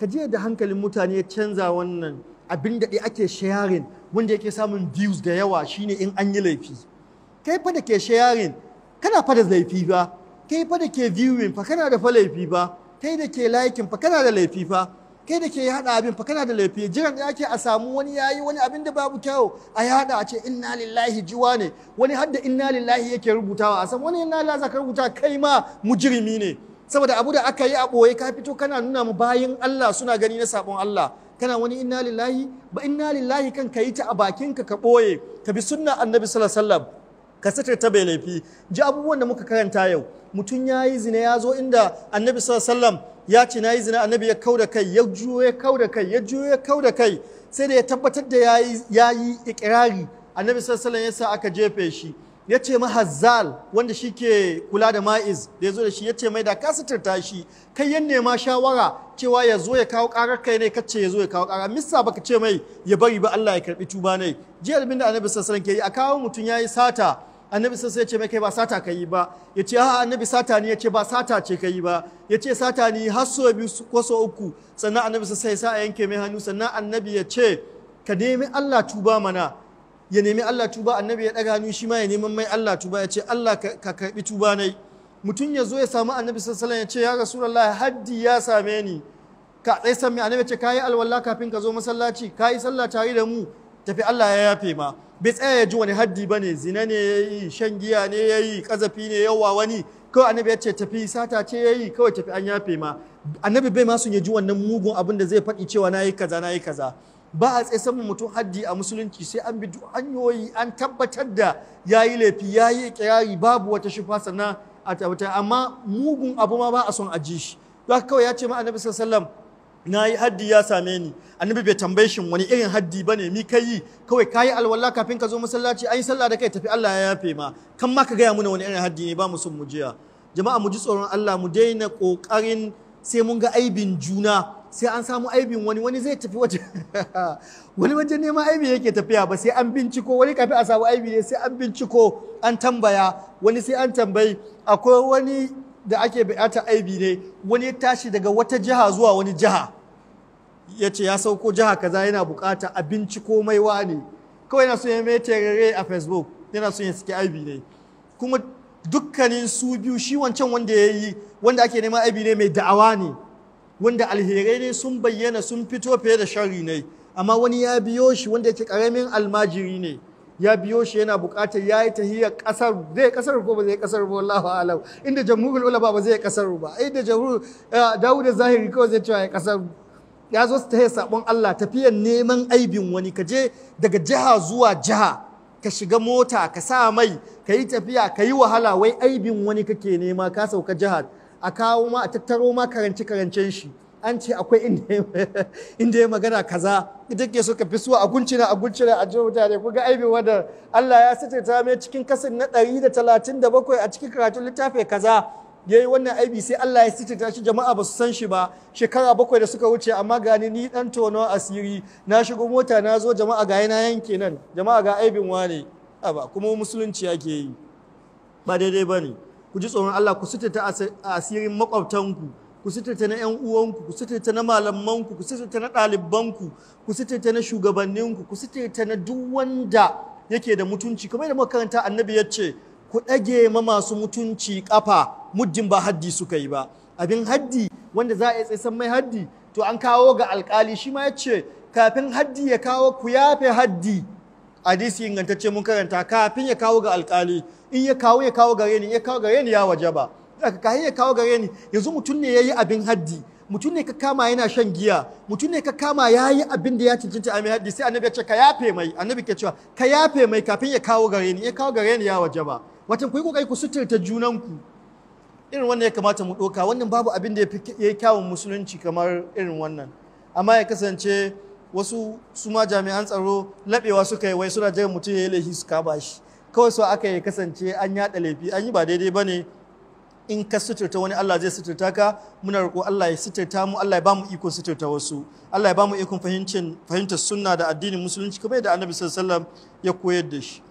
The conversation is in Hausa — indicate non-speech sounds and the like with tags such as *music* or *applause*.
ka je da hankalin mutane canza wannan abin da ake sharing wanda yake samun views da yawa shine in an yi laifi kai fa da ke sharing kana fa da laifi ba kai fa da ke viewing fa kana da fa laifi ba kai da ke liking fa kana da laifi fa kai da ke yada abin fa kana da laifi jiran da ake a samu wani yayi wani abin da babu kyau a yada a ce inna lillahi juwa ne wani hadda inna lillahi yake rubutawa a san wani inna lillahi zaka rubuta kai ma mujrimi ne saboda abu da aka yi a ɓoye ka fito kana nuna mu bayan Allah suna gani na sabon Allah kana wani inna lillahi ba inna lillahi kan ka yi ta a bakinka ka ɓoye ka bi sunna annabi sallallahu ka satar ta bai laifi ji abubuwan da muka karanta yau mutum ya yi zina ya zo inda annabi sallallahu ya ce na yi zina annabi ya kau da kai ya juyo ya kau da kai ya juyo ya kau kai sai da ya tabbatar da ya yi ikirari annabi sallallahu ya sa aka jefe shi ya ce mahazzal wanda shi ke kula da ma'iz da ya zo da shi ya ce mai da ka tashi shi kai yan nema shawara cewa ya zo ya kawo karar kai ne kace ya zo ya kawo karar misa baka ce mai ya bari ba Allah ya karbi tuba ne jiya abin da annabi sallallahu alaihi ke yi a kawo mutum yayi sata annabi sallallahu ya ce mai kai ba sata ka yi ba ya ce ha annabi sata ne ya ce ba sata ce ka yi ba ya ce sata ne har so biyu ko so uku sannan annabi sallallahu alaihi wasallam ya yanke mai hannu sannan annabi ya ce ka nemi Allah tuba mana ya nemi Allah tuba annabi ya daga hannu shi ma ya neman mai Allah tuba ya ce Allah ka karbi tuba nai mutum ya zo ya samu annabi sassalan ya ce ya Allah haddi ya same ni ka tsaye san annabi ce yi alwala kafin ka zo masallaci yi sallah tare da mu tafi Allah ya yafe ma bai tsaya ya ji wani haddi bane zina ne yayi shan giya ne yayi kazafi ne yawa wani kawai annabi ya ce tafi sata ce yayi kawai tafi an yafe ma annabi bai ma sun ya ji wannan mugun abin da zai faɗi cewa nayi kaza nayi kaza ba a tsaye saman mutum haddi a musulunci sai an bi hanyoyi an tabbatar da ya yi laifi ya yi kirari babu wata shufa sannan a tabbatar amma mugun abu ma ba a son a ji shi don kawai ya ce ma annabi Sallam na yi haddi ya same ni annabi bai tambaye shi wani irin haddi ba ne mi ka yi kawai ka yi alwala kafin ka zo masallaci an yi sallah da kai tafi Allah ya yafe ma kan ma ka gaya mana wani irin haddi ne ba mu son mu jiya jama'a mu ji tsoron Allah mu daina ƙoƙarin sai mun ga aibin juna sai an samu aibin wani wani zai tafi waje *laughs* wani wajen nema aibi yake tafiya ba sai an binciko wani kafin a samu aibi ne sai an binciko an tambaya wani sai an tambayi akwai wani da ake bayata aibi ne wani ya tashi daga wata jiha zuwa wani jiha ya ce ya sauko jiha kaza yana bukata a binciko mai ne kawai yana so ya mai a facebook yana so ya saki aibi ne kuma dukkanin su biyu shi wancan wanda ya yi wanda ake nema aibi ne mai da'awa ne wanda alherai ne sun bayyana sun fito fiye da shari ne amma wani ya biyo shi wanda yake karamin almajiri ne ya biyo shi yana bukatar ya yi tahiyar kasar zai kasar ko ba zai kasar ba wallahu alam inda jamhurul ulama ba zai kasar ba inda jamhur eh, Dawud Zahiri kawai zai cewa ya kasar ya zo su tahiyar sabon Allah tafiyar neman aibin wani ka je daga jiha zuwa jiha ka shiga mota ka sa mai ka yi tafiya ka yi wahala wai aibin wani kake nema ka sauka jihar a kawo ma a tattaro ma karance karancen shi an ce akwai inda ya *laughs* magana kaza ita ke suka fi suwa a guncina a guncina a jihohi mutane ku ga aibewa da Allah ya sace ta mai cikin kasin na 137 a cikin karatun littafi kaza ya yi wannan aibi sai Allah ya sace ta shi jama'a ba su san shi ba shekara bakwai da suka wuce amma gani ni dan tono asiri na shigo mota na zo jama'a ga yana yanke nan jama'a ga aibin wane ba kuma musulunci yake yi ba daidai ba ne ku ji tsoron Allah ku a asirin makwabtanku ku sitata na 'yan uwanku ku sitata na malamanku ku sitata na ɗalibanku ku sitata na shugabanninku ku sitata na duk wanda yake da mutunci kamar da makaranta annabi ya ce ku ɗage ma masu mutunci kafa muddin ba haddi suka yi ba abin haddi wanda za a yi tsaisan mai haddi to an kawo ga alkali shi ma ya ce kafin haddi ya kawo ku yafe haddi hadisi ingantacce mun karanta kafin ya kawo ga alkali in ya kawo ya kawo gare ni ya kawo gare ni ya waje ba, daga kafin ya kawo gare ni yanzu mutum ne yayi abin haddi mutum ne ka kama yana shan giya mutum ne ka kama ya yi abin da ya cancanta a mai haddi sai annabi ya ce ka yafe mai annabi ke cewa ka yafe mai kafin ya kawo gare ni ya kawo gare ni ya ba watan ku yi kokari ku suturta junanku irin wannan ya kamata mu ɗauka wannan babu abin da ya yi kyawun musulunci kamar irin wannan amma ya kasance wasu su ma jami'an tsaro laɓewa suka yi wai suna jiran mutum ya yi laifi su kama shi kawai so aka yi kasance an yaɗa laifi an yi ba daidai ba ne in ka suturta wani Allah zai suturta ka muna roƙo Allah ya suturta mu Allah ya bamu ikon suturta wasu Allah ya bamu ikon fahimtar sunna da addinin musulunci kamar yadda Annabi sallallahu alaihi wasallam ya koyar da shi